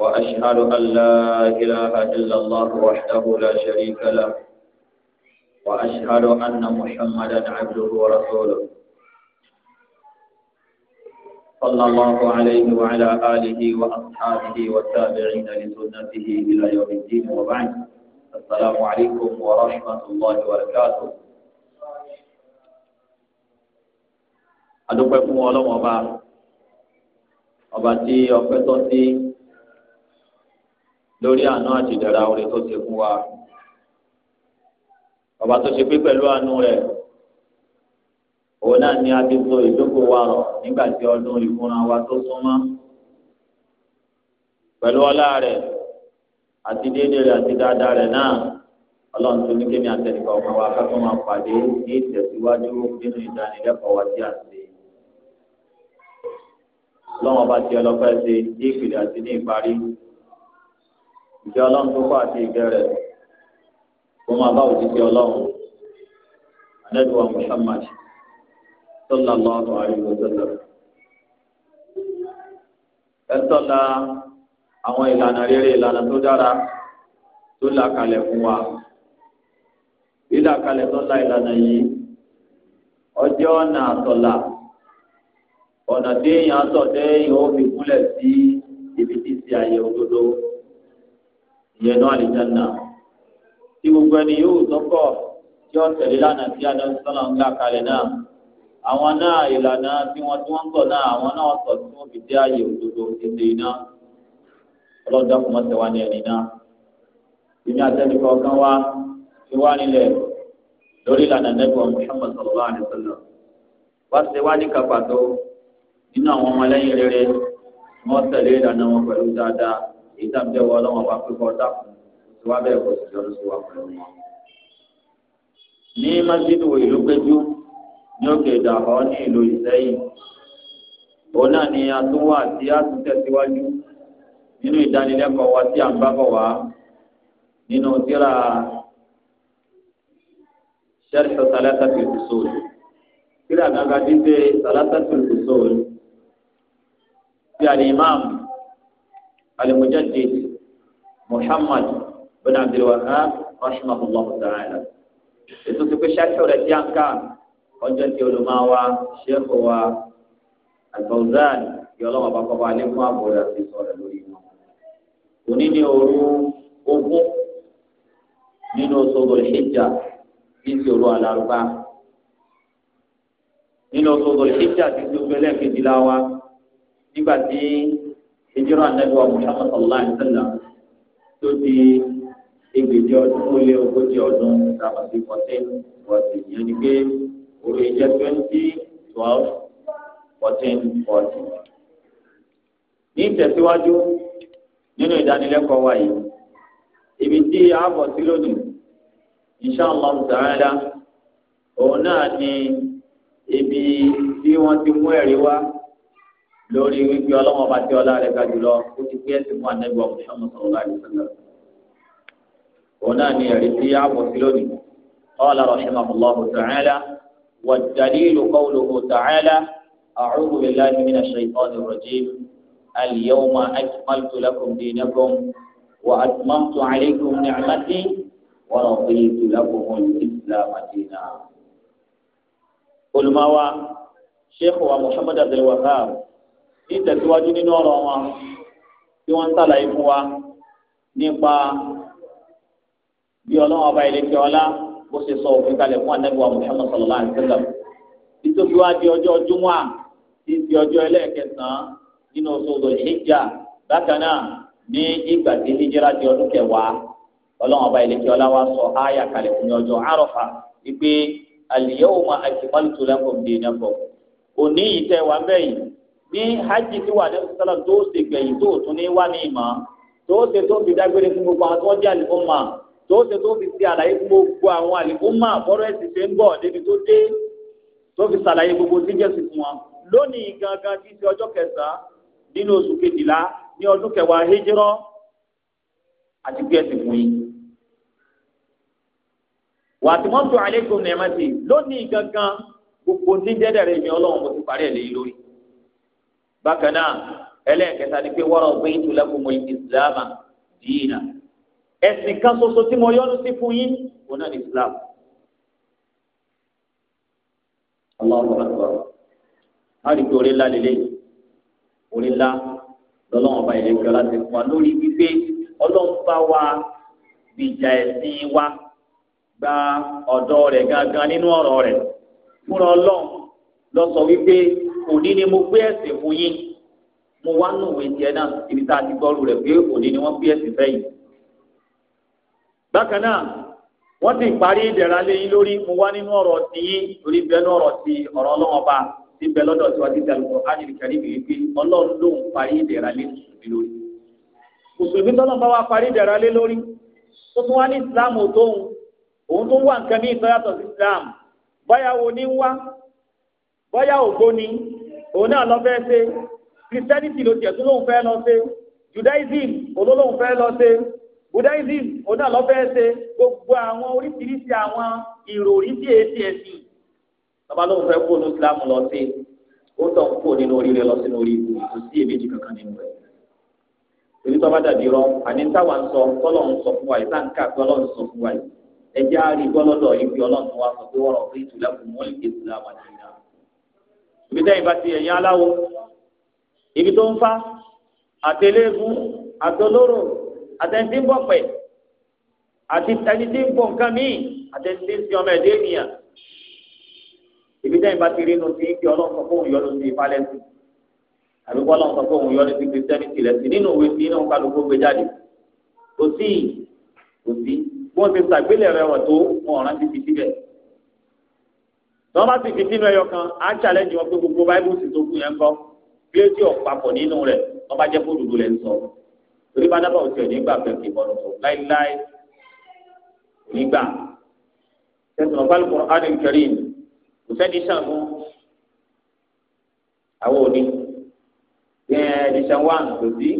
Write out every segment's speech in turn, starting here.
وأشهد أن لا إله إلا الله وحده لا شريك له وأشهد أن محمدا عبده ورسوله صلى الله عليه وعلى آله وأصحابه والتابعين لسنته إلى يوم الدين وبعد السلام عليكم ورحمة الله وبركاته adúpẹ́ fún ọlọ́wọ́n ọba ọba lórí àánú àti ìdára orí tó ṣe fún wa ọba tó ṣe pé pẹ̀lú àánú rẹ̀ òun náà ni a ti so ìdókòwò wa rọ̀ nígbà tí ọdún ìfúnra wa tó súnmọ́ pẹ̀lú ọlá rẹ̀ àti déédéé rẹ̀ àti dáadáa rẹ̀ náà ọlọ́run tó ní kémi àtẹnìkọ́ ọmọ wa ká máa pàdé ní ìtẹ̀síwájú nínú ìdánilẹ́kọ̀ọ́ wa tí a ṣe lọ́wọ́n bá ti ọlọ́pẹ́ ṣe ní ìpìlẹ̀ àti ní ìparí. ìjọ ọlọ́run tó kọ́ àti ìgbẹ́ rẹ̀ kó máa bá òjijì ọlọ́run anẹ́dùwà Muhammad sallallahu alaihi wa sallam. ẹ sọ́la àwọn ìlànà rere ìlànà tó dára tó là kalẹ̀ fún wa kalẹ̀ tó la ìlànà yìí ìyẹn náà lè dáná tí gbogbo ẹni yóò tọkọ tí ó tẹ̀lé lánàá tí adam sọlá ń gbà kalẹ̀ náà àwọn náà ìlànà tí wọn tí wọn ń náà àwọn náà sọ tí wọn fi dé ààyè òdodo tètè iná ọlọ́dọ̀ kò tẹ̀wá ní ẹni náà ìní àtẹnukọ̀ kan wá ti wá nílẹ̀ lórí ìlànà nẹ́gbọ̀n Muhammad sallallahu alaihi wá ṣe wá ní kàpàtó nínú àwọn ọmọlẹ́yìn rere wọ́n tẹ̀lé ìlànà wọn pẹ̀lú dáadáa èyí tá à ń bẹ̀ wọ ọlọ́wọ́n wa pé kọ́ ọ́ dàkún tí wàá bẹ̀ kọ́ sí ọdún sí wa pẹ̀lú wọn. ní masjid wo ìlú péjú ní òkè ìdàbọ̀ ní ìlú ìsẹ́yìn òun náà ni a tún wà tí a tún tẹ̀síwájú nínú ìdánilẹ́kọ̀ọ́ wa tí à ń bá bọ̀ wá nínú tírà sharh salatatul usul tírà gàgà dídé salatatul usul tí al-imam. المجدد محمد بن عبد الوهاب رحمه الله تعالى ètò ti pé ṣáṣọ rẹ ti àǹkà ọjọ́ ti olùmọ̀wá ṣéèkù wa àtọ̀zán kí ọlọ́wọ́n bá kọ́kọ́ alẹ́ fún àbúrò àti sọ̀rọ̀ lórí wọn. òní ni òru ogún nínú oṣooṣù ìṣèjà bíi ti òru àlàrúbá nínú oṣooṣù ìṣèjà ti ti oṣù ẹlẹ́ẹ̀kejìlá wa nígbà tí ìjọra ànágbà Muhammad sallallahu alaihi wa tó di ẹgbẹ̀jọ ọdún ó lé ogójì ọdún sàbàbí fourteen forty yẹn ni pé orí jẹ́ twenty twelve fourteen forty. ní ìtẹ̀síwájú nínú ìdánilẹ́kọ̀ọ́ wa yìí ibi tí a bọ̀ sí lónìí inshallah ta'ala òun náà ni ibi tí wọ́n ti mú ẹ̀rí wá lórí wípé ọlọ́wọ́n bá tí ọlá rẹ̀ ga jùlọ ó ti pé ẹ̀sìn fún anábìwá mùsùlùmí sọ̀rọ̀ láti sọ̀rọ̀. òun náà ni ẹ̀rí tí a bọ̀ sí lónìí qala rahimahullahu ta'ala wa dalilu qawluhu ta'ala a'udhu billahi minash shaytanir rajim al-yawma akmaltu lakum dinakum wa atmamtu alaykum ni'mati wa raditu lakum al-islam dinan. olùmọ̀wá sheikh wa muhammad abdul wahab ní ìtẹ̀síwájú nínú ọ̀rọ̀ wọn tí wọ́n ń sàlàyé fún wa nípa bí ọlọ́run ọba ìlẹ́kẹ̀ ọlá bó ṣe sọ òfin kalẹ̀ fún anábìwá Muhammad sallallahu alaihi wasallam nítorí wá di ọjọ́ júmọ́à tí di ọjọ́ ẹlẹ́ẹ̀kẹsàn-án nínú oṣù Dhul-Hijjah bákan náà ní ìgbà tí hijira di ọdún kẹwàá ọlọ́run ọba ìlẹ́kẹ̀ ọlá wa sọ áyà kalẹ̀ fún ọjọ́ Àrafà wípé al-yawma akmaltu lakum dinakum òní yìí bí hajj ti wà ní sọlá tó ṣe gbẹ̀yìn tó tún ní wà ní ìmọ̀ tó ṣe tó fi dágbére fún gbogbo àwọn tó ń jẹ́ àlìfọ́mà tó ṣe tó fi ṣe àlàyé àwọn ṣe ń tó fi ṣàlàyé gbogbo tí fún wọn. lónìí gangan ṣe kẹsàn-án nínú oṣù kejìlá ní ọdún kẹwàá bí fún yín. wà á ti mọ́tò àlékún nìyẹn mọ́tì lónìí gangan gbogbo tí jẹ́ bákan náà ẹlẹ́ẹ̀kẹta ni pé wọ́rọ̀ gbé ìtùlẹ́kùn mọ́ ìsìlámà dìínà ẹ̀sìn kan ṣoṣo tí mo yọ́nú sí fún yín òun náà ní islam. Allahu akbar a rí i pé orí ńlá lélẹ̀ orí ńlá lọ́lọ́wọ́n bá ilé ìjọ láti fún wa lórí wípé ọlọ́run wa gbìjà ẹ̀sìn wa gba ọ̀dọ̀ rẹ̀ gangan nínú ọ̀rọ̀ rẹ̀ fúnra ọlọ́run lọ sọ wípé òní ni mo gbé ẹ̀sìn fún yín mo wá nù òwe tiẹ̀ náà ibi tá a ti gbọ́rù rẹ̀ pé òní ni wọ́n gbé ẹ̀sìn fẹ́ yìí. bákan náà wọ́n ti parí ìdẹ̀ra lé yín lórí mo wá nínú ọ̀rọ̀ ti yín lórí bẹ́ẹ̀ nú ọ̀rọ̀ ti ọ̀rọ̀ ọlọ́wọ́n bá ti bẹ lọ́dọ̀ tí wọ́n ti dàlù kọ́ ánìlì kẹ́rì mi wípé ọlọ́run lòun parí ìdẹ̀ra lé bọ́yá wo ní ń wá bọ́yá ògbó ni òun náà lọ fẹ́ ṣe christianity ló tiẹ̀ tó lóun fẹ́ lọ ṣe judaism olólóun fẹ́ lọ ṣe buddhism òun náà lọ fẹ́ ṣe gbogbo àwọn oríṣiríṣi àwọn ìròrí tí èsì ẹ̀sìn bàbá lóun fẹ́ kó ní islam lọ sí ó tọ̀ ń kó nínú oríire lọ sínú orí ibu kò sí èméjì kankan nínú rẹ̀ èyí tó bá dàbí rọ àní táwa ń sọ tọ́lọ̀ ń sọ fún wa yìí táǹkà pé ọlọ́run sọ fún wa yìí ẹjẹ́ á rí gbọ́lọ́dọ̀ yìí pé ọlọ́run wa sọ pé wọ́n rọ̀ pé ìtura kò mọ́ ìgbésí láwọn àti ibi tẹ́yìn bá ti ẹ̀yìn aláwo ibi tó ń fa àtẹlẹ́gùn àtọlóró àtẹ̀ntì àti ẹni nǹkan míì àtẹ̀ntì ọmọ ẹ̀dẹ́ ènìyàn ibi tẹ́yìn bá ti rí inú ti ń kí ọlọ́run sọ fóun yọnu sí ìfalẹ́sì àbí kọ́ ọlọ́run sọ fóun yọnu sí kìrìsìtẹ́nìtì rẹ̀ sí nínú òwe sí inú kálukú gbé jáde kò sí kò sí bí wọ́n ti ṣàgbélẹ̀ rẹ̀ wọ̀ tó wọn ọ̀ràn ti fi síbẹ̀ tọ́ bá ti fi sínú ẹyọ kan á challenge wọn pé gbogbo báíbù sì tó kù yẹn kọ́ kílẹ̀tì ọ̀pàpọ̀ nínú rẹ̀ wọ́n bá jẹ́ fóònù lẹ̀ ń sọ torí bá dábàá òsì ọ̀dẹ́ gbà bẹ̀rẹ̀ kìí bọ́nu tó láíláí nígbà tẹ̀sán ọ̀pá lùkọ́ adam karim kò sẹ́ni sàngún àwọn òní ẹ̀ẹ́d edition one kò sí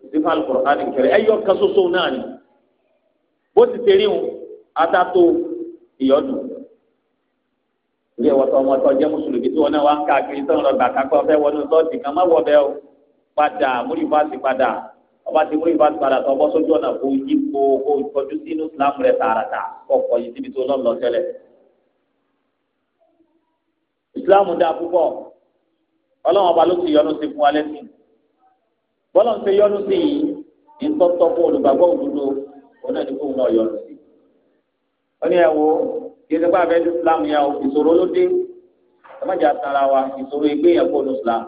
kò sí fún alùkọ́ adam karim ẹ̀yọ kan ṣoṣo náà ni bó ti tẹ̀lé wọn atá tó ìyọ́dún ìyẹ wọtọ wọn tọ jẹ mùsùlùmí tí wọn náà wá ń káàkiri tó ń lọ gbà kápẹ́ ọ̀fẹ́ wọnú sọ́ọ̀tì kan má wọ bẹ́ẹ̀ o padà múlì fásitì padà ọba ti múlì fásitì padà tó bọ́ sójú ọ̀nà kó yí kó kó tọ́jú sínú ìsìlámù rẹ̀ tààràtà kọ̀ọ̀kọ̀ yìí síbi tó lọ́ọ̀ lọ tẹ́lẹ̀. ìsìlámù dáa púpọ̀ ọlọ́run ọba ló ti yọ́nú sí fún alẹ́ sí bọ́lá yíṣẹ́ pé abẹ́ẹ́dì islam yà ó ìṣòro ló dé ẹ̀mọ́jà sanra wa ìṣòro ìgbéyàwó wọnú islam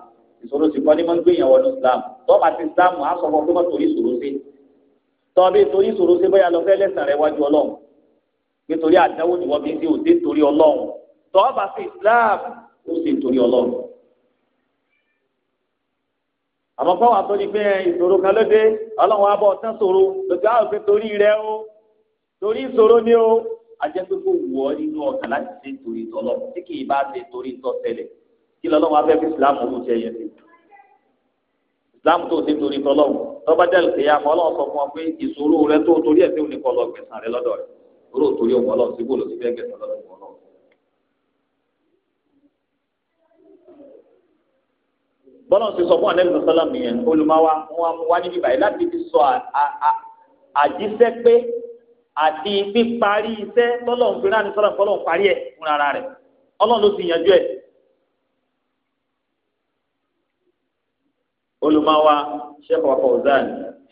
ìṣòro sì kọ́ ní mọ́ gbéyàwó wọnú islam tọ́ba ti islam á sọ fún ọgbọ́n torí ìṣòro sí tọ́bi torí ìṣòro sí bóyá lọ fẹ́ lẹ́sàn rẹ wájú ọlọ́run nítorí àdáwò ni wọ́n fi ń ṣe òde torí ọlọ́run tọ́ba sí islam ó sì torí ọlọ́run àmọ́ fáwọn àtọ́ni pé ìṣòro kan ló dé ọlọ́run á bọ̀ ọ̀tán ṣòro lọ́sọ̀rọ̀ pé torí ajẹ́pẹ́kọ̀ wọ̀ ọ́ nínú ọ̀tàn láti ṣe torí tọ́lọ̀ tí kì í bá ṣe torí tọ́ tẹ́lẹ̀ kí lọ́lọ́run afẹ́ fi ìsìlámù ọ̀hún ṣe yẹn sí. ìsìlámù tó ṣe torí tọ́lọ́run tọ́ba dẹ́rù kìí àmọ́ ọlọ́run sọ fún ọ pé ìṣòro rẹ tó torí ẹ̀ tí ò ní kọ́ lọ gbẹ̀sán rẹ lọ́dọ̀ rẹ torí ò torí òun ọlọ́run síbò lọ sí fẹ́ gbẹ̀sán lọ́dọ̀ òun ọlọ́run. bọ́lá ti sọ fún àdébìsọ sọ́lá mi yẹn olùmọ́wá wọn wá níbí báyìí láti fi sọ àjíṣẹ́ pé àti píparí iṣẹ́ tọ́lọ́hún fi ránì sọ́lá tọ́lọ́hún parí ẹ̀ fúnra ara rẹ̀ ọlọ́run ló ti yànjú ẹ̀. olùmọ̀wá sheikh Fawzan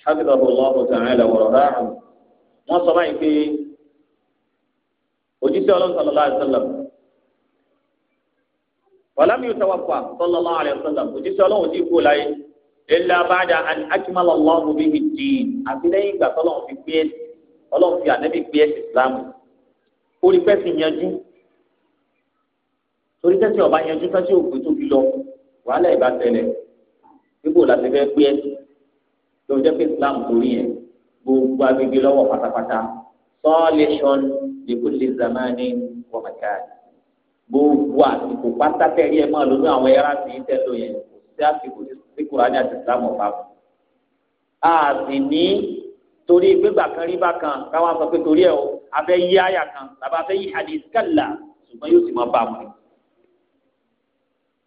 hafidhahullahu ta'ala wa ra'ahu wọ́n sọ báyìí pé òjíṣẹ́ ọlọ́run sallallahu alaihi wasallam wàlámù yóò tawàfà sallallahu ọlọ́run ti kú láyé lẹ́yìn ìgbà tọ́lọ́run fi gbé ọlọ́run fi ànábì gbé ẹ̀sìn ìsìlámù orí pẹ́sì yanjú torí pẹ́sì ọba yanjú pẹ́sì ògbé tóbi lọ wàhálà ìbá tẹ̀lẹ̀ níbo la ti fẹ́ gbé ẹ̀sìn lọ́wọ́ jẹ́ pé ìsìlámù torí yẹn gbogbo agbègbè lọ́wọ́ pátápátá sọ́ọ́lẹ́sọ̀n lèkó lè zamani wọ̀mẹ̀ká gbogbo àsìkò pátákẹ́rì ẹ̀ máa lónú àwọn ẹ̀rá ti ń tẹ̀lé yẹn kò sí àsìkò tí kùránì àti ìsìlámù ọ̀pá a sì ní torí gbégbà kan rí bákan káwọn sọ pé torí ẹ o abẹ́ yí àyà kan tàbí abẹ́ yí hadith kàlà ṣùgbọ́n yóò sì máa bá wọn.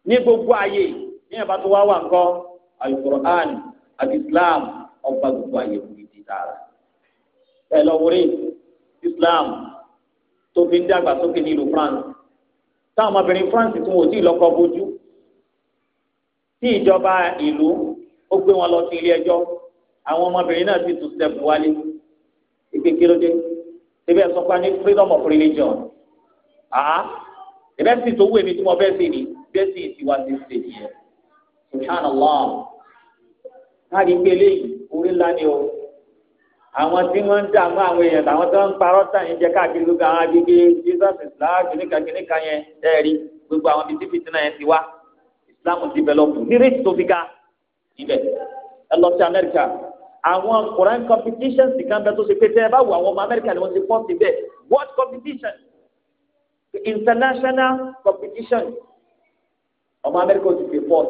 ní gbogbo ayé ní ẹ̀bá tó wá wà ńkọ́ alukur'an àti islam ọba gbogbo ayé wòye ti dára. ẹ lọ islam tó fi ń dàgbà sókè nílùú france táwọn ọmọbìnrin france tún wò sí ìlọkọ bójú tí ìjọba ìlú ó gbé wọn lọ sí ilé ẹjọ́ àwọn ọmọbìnrin náà sì tún step wálé ìpè kí ló dé síbẹ̀ sọ pé a freedom of religion Ah, ìbẹ́ sì tó wù èmi tí mo bẹ́ẹ̀ sì ní bẹ́ẹ̀ sì ti wá sí stage yẹn subhanallah káàdì gbélé yìí orí ńlá ni o àwọn tí wọ́n ń dààmú àwọn èèyàn tàwọn tí wọ́n ń parọ́ tàyẹn jẹ́ káàkiri gbogbo àwọn agbègbè jesus islam kìnìkan kìnìkan yẹn ẹ̀rí gbogbo àwọn bíi tíbi tí náà yẹn ti wá islam develop ní rate tó fi ga níbẹ̀ ẹ lọ sí amẹ́ríkà àwọn Quran competitions kan bẹ tó ṣe pé tẹ ẹ bá wo àwọn ọmọ Amẹ́ríkà ni wọ́n ti pọ̀ sí bẹ́ẹ̀ world competition international competition ọmọ Amẹ́ríkà ti fi pọ̀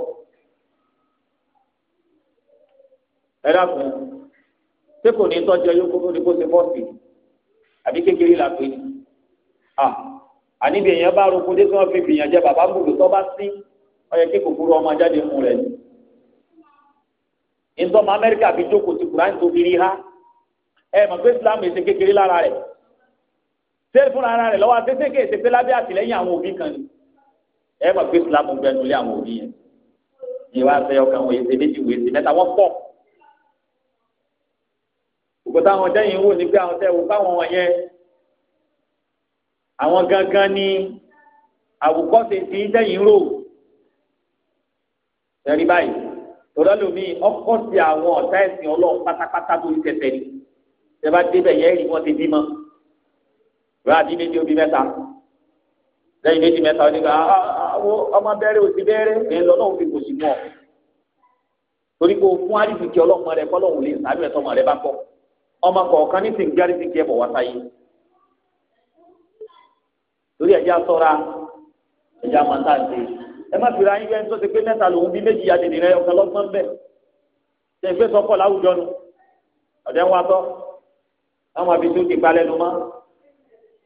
ẹ dàkún ṣé kò ní tọ́jú ẹyọ kókó ni kó ṣe pọ̀ sí àbí kékeré là pé àníbi èèyàn bá ronú kó dé tí wọ́n fi fìyàn bàbá gbòdò tó bá sí ó yẹ kí kòkòrò ọmọ jáde mú rẹ̀ ni ìtọ́mọ amẹ́ríkà fi jókòó ti kùránì tó fi rí ha ẹ mọ̀ pé islam èsè kékeré lára rẹ̀ ṣé fúnra ara rẹ̀ lọ́wọ́ àtẹ́sẹ́kẹ́ èsè pé lábẹ́ àtìlẹ́yìn àwọn òbí kan ni ẹ mọ̀ pé islam gbẹnu lé àwọn òbí yẹn ìwà àṣeyọ kan wọ èsè méjì wọ èsè mẹ́ta wọ́n pọ̀ òkú táwọn jẹ́yìn wò ní pé àwọn tẹ́ wò fáwọn wọ̀nyẹn àwọn gangan ni àwòkọ́ṣe ti jẹ́yìn rò ṣẹ́rí báyìí tọ́lá lomi ọkọ̀ ti àwọn ọ̀tá ẹ̀sìn ọlọ́run pátápátá tó ti tẹ̀tẹ̀ ni ìjọba débẹ̀ yẹ́ ẹ̀rí wọn ti bímọ ìwé àbí méjì obì mẹ́ta lẹ́yìn méjì mẹ́ta ó ní ká àwọn ah, ah, ọmọ bẹ́rẹ̀ òsì bẹ́rẹ̀ ẹ̀ lọ́nà òfin kò sí mọ́ torí kò fún àdìsíkì ọlọ́mọ rẹ kọ́lọ́hùn lè sáré ẹ̀ tọ́mọ rẹ bá kọ́ ọmọ kọ̀ọ̀kan ní sìnkú àdìsíkì ẹ̀ bọ̀ wá sáyé torí ẹ̀já sọ́ra ẹ̀já máa ń tà ń ṣe ẹ má fi ra yín bẹ́ẹ̀ tó ti pé mẹ́ta lòun bí méjì àdèdè rẹ ọ̀kan lọ́gbọ́n bẹ́ẹ̀ tẹ̀ pé sọ́kọ̀ láwùjọ nu ọ̀dẹ́ wa tọ́ àwọn àbí tó ti gba lẹ́nu mọ́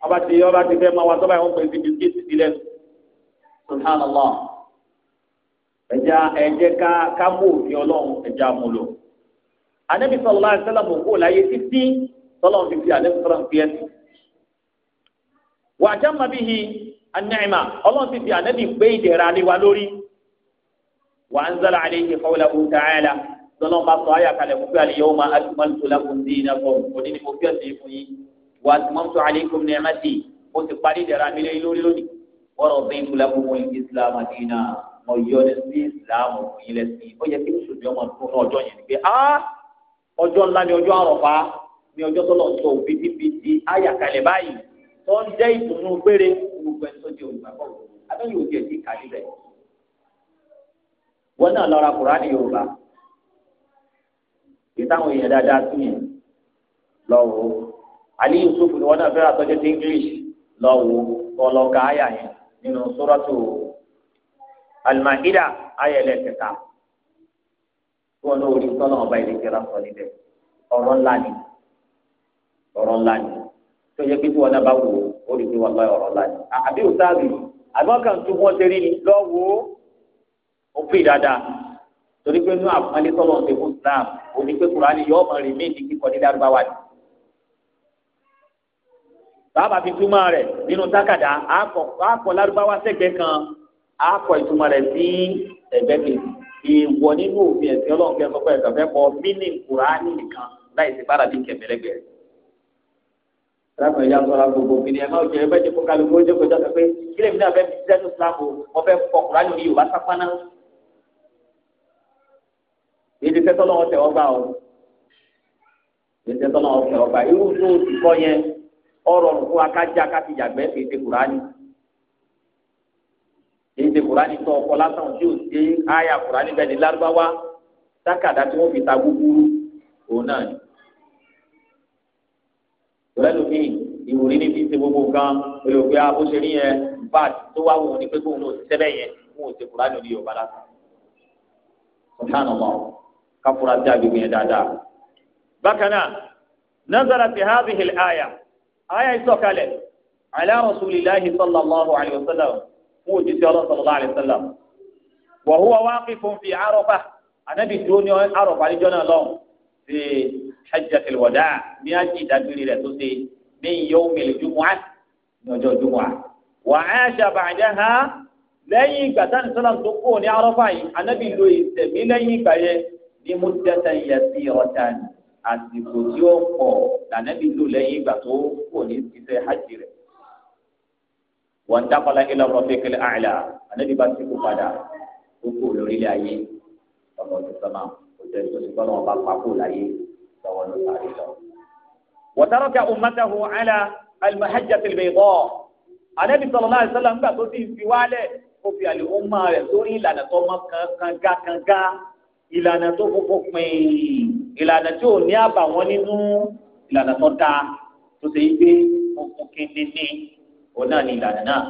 ọba ti ọba ti fẹ́ máa wa tọ́ báyìí wọ́n pè é síbi kí ti lẹ́nu subhanallah ẹ̀já ẹ̀jẹ̀ ká ká mú òfin ọlọ́run ẹ̀já mú anabi sọlá sẹlẹmù kó láyé títí sọlọ́run ti anabi sọlá fi ẹ̀sìn wàjá mabihi anẹ́ẹ̀mà ọlọ́run ti fi ànábì gbé ìdẹ̀ra lé wa lórí wa anzala alayhi qawlahu ta'ala lọ́nà bá sọ ayé àkàlẹ̀ fún pé al-yawma akmaltu lakum dinakum òní ni mo fi ẹ̀sìn fún yín wa atmamtu alaykum ni'mati mo ti parí ìdẹ̀ra mi lé lórí lónìí wa raditu lakum al-islama dina mo yọ ní sí ìsìlámù fún yín ó yẹ kí mùsùlùmí ọmọ tó ní ọjọ́ yẹn ni pé gbogbo ẹni tó di olùgbàgbọ́ abẹ́yẹ òdi ẹ̀dí kàlí rẹ̀ wọn náà lọ ra kùránì yorùbá èyí táwọn èèyàn dáadáa tún yẹn lọ́wọ́ Ali Yusuf ni wọn náà fẹ́ àtọ́jú ti English lọ́wọ́ ọlọ́ka àyà yẹn nínú sóràtò Al-Ma'idah ayẹlẹ kẹta tí wọn lórí tọ́lọ̀ ọba ìdíjẹ́ra sọ níbẹ̀ ọ̀rọ̀ ńlá ni ọ̀rọ̀ ńlá ni tó yẹ kí wọn náà bá wò ó ó lè ní wọn lọ ọ̀rọ̀ láyé àbí òtáàbì àbọ̀n kan tún wọn ṣe rí ni lọ́wọ́ ó pè dáadáa torí pé inú àpọ́nlé tọ́lọ̀ ṣe fún Islam ó ní pé Kùránì yọ ọmọ rẹ̀ méjì kíkọ ní Lárúbáwá ni. bàbá fi túmọ̀ rẹ̀ nínú tákàdá àkọ́ Lárúbáwá sẹ́gbẹ̀ẹ́ kan àkọ́ ìtumọ̀ rẹ̀ sí ẹ̀gbẹ́ kejì èèwọ̀ nínú òfin ẹ̀sìn ọlọ́run kẹsàn-án pẹ̀lú ẹ̀sán fẹ́ kọ mínì Kùránì nìkan láì sí bára bí kẹ̀mẹ́rẹ́gbẹ̀rẹ́ rákùnrin yá sọ̀rọ̀ gbogbo kìnìún ẹ̀ máa jẹ ẹ bá jẹ kó kálukú ó jẹ kó jáde pé kílẹ̀ mi náà fẹ́ fi sẹ́nu sílámù wọn fẹ́ kọ kúránì ní yorùbá sápáná. èdè tẹ́tọ́ lọ́wọ́ tẹ̀ ọgbà o èdè tẹ́tọ́ lọ́wọ́ tẹ̀ ọgbà irú tó o ti kọ́ yẹn ọ̀rọ̀ fún akájá káti yàgbẹ́ èdè kúránì. èdè kúránì tó ọkọ lásán tí o ṣe áyà kúránì bẹ́ẹ̀ ni lárúbáwá sákàdá tí wọ́n fi ta gbúgbúrú òun náà ni lọ́lọ́mí ìwòrí ní fífi gbogbo kan olùkọ́ ya bó ṣe rí yẹn bá tó wá wò ní pé kóun náà ti sẹ́bẹ̀ yẹn kóun ti kúrò ní Yorùbá lásán. subhanallah káfúrà sí agbègbè yẹn dáadáa. bákan náà nazara ti hadhihi al-aya aya ìsọ̀kalẹ̀ ala rasulillahi sallallahu alayhi wa sallam fún òjíṣẹ́ ọlọ́ sallallahu alayhi wa sallam. wa fi Arafah anabi dúró ní Arafah níjọ́ náà lọ́wọ́ hajjatul wadaa bí a jì ìdágbére rẹ̀ tó ṣe ní yawmil jumu'ah ní ọjọ́ jumu'ah wa 'asha ba'daha lẹ́yìn ìgbà tani sọlọm tó kó ní arọfà yìí anabi lo ìsẹmí lẹ́yìn ìgbà yẹn ní mudata yasi ọtan àsìkò tí ó pọ̀ lànàbí lò lẹ́yìn ìgbà tó kó ní ìṣe hajj rẹ̀ wọn dákọlá ilẹ ọmọ fẹkẹlẹ àìlà anabi bá ti kú padà ó kó lórílẹ̀ ayé ọmọ tó sọmọ kò tẹ ìtòsí kọlọ ọba pàkó láyé lọ́wọ́ ló sáré lọ. wọ́tárọ́kà ummatahu ala al-mahajjatil bayda anabi sallallahu alaihi wasallam ńgbà tó ti fi wálẹ̀ ó fi àlè ó máa rẹ̀ sórí ìlànà tó mọ́ kanga kanga ìlànà tó fúnfún pin ìlànà tí ò ní àbàwọ́n nínú ìlànà tó dáa tó ṣe é gbé fúnfún kíndínní òun náà ní ìlànà náà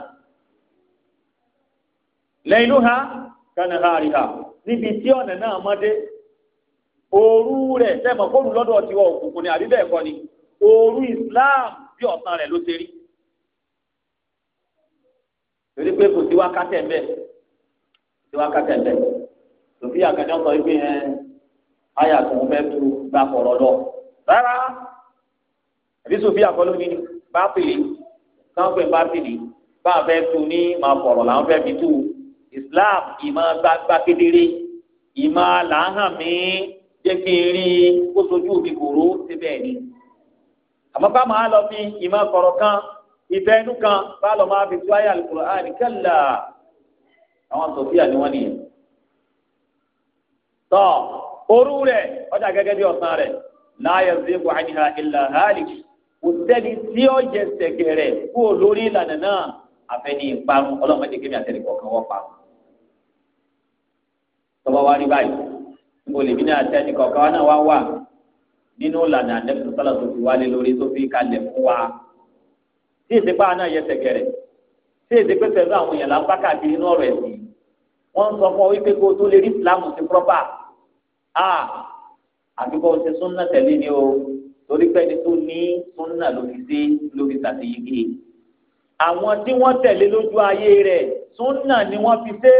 lẹ́yìnú ha kanaha rí ha níbi tí ọ̀nà náà mọ́dé òru rẹ̀ sẹ́mọ̀ fóònù lọ́dọ̀ tiwọ́ òkùnkùn ni àbí bẹ́ẹ̀ kọ́ ni òru Islam bí ọ̀sán rẹ̀ ló ṣe rí torí pé kò sí wákàtí ẹ̀ bẹ́ẹ̀ sí wákàtí ẹ̀ bẹ́ẹ̀ tòfí àkàndá sọ wípé ẹ ayà tó ń fẹ́ tu gba kọ̀rọ̀ lọ rárá àbí sòfí àkọlù mi bá pèlè káwọn pè bá pèlè bá a fẹ́ tu ní màá kọ̀rọ̀ làwọn fẹ́ fi tu Islam ìmọ̀ gbàgbà kedere ìmọ̀ làhàn mí jẹ́ kí n rí kó sojú mi kòró ṣe bẹ́ẹ̀ ni. àmọ́ ká máa lọ fi ìmọ̀ kọ̀rọ̀ kan ìfẹ́ inú kan bá lọ máa fi tú ayé Al-Qur'ani kalla àwọn sòfíà ni wọ́n nìyẹn. tọ́ òru rẹ̀ ọjà gẹ́gẹ́ bí ọ̀sán rẹ̀ la yazigu anha illa halik kò sẹ́ni tí ó jẹ sẹ̀kẹ̀ rẹ̀ kú olórí ìlànà náà àfẹ́ni ìparun ọlọ́mọdé kémi àtẹnìkọ̀ọ̀kan wọ́n tọ́wọ́ wá rí báyìí olèmí náà àti ẹnì kọ̀ọ̀kan náà wá wà nínú ìlànà àdẹ́kùn sọ́lá tó fi wálé lórí tó fi kalẹ̀ fún wa tí èsì pa náà yẹ tẹ̀kẹ̀rẹ̀ tí èsì pé pẹ̀lú àwọn èèyàn lápá káàkiri inú ọ̀rọ̀ ẹ̀sìn wọ́n ń sọ fún ọ wípé kó o tó lè rí ìsìlámù sí pọ́pà a àfi kó o ṣe súnà tẹ̀lé ni o torí pé ẹni tó ní súnà ló fi ṣe ló àwọn tí wọ́n tẹ̀lé lójú ayé rẹ̀ súnà ni wọ́n fi ṣe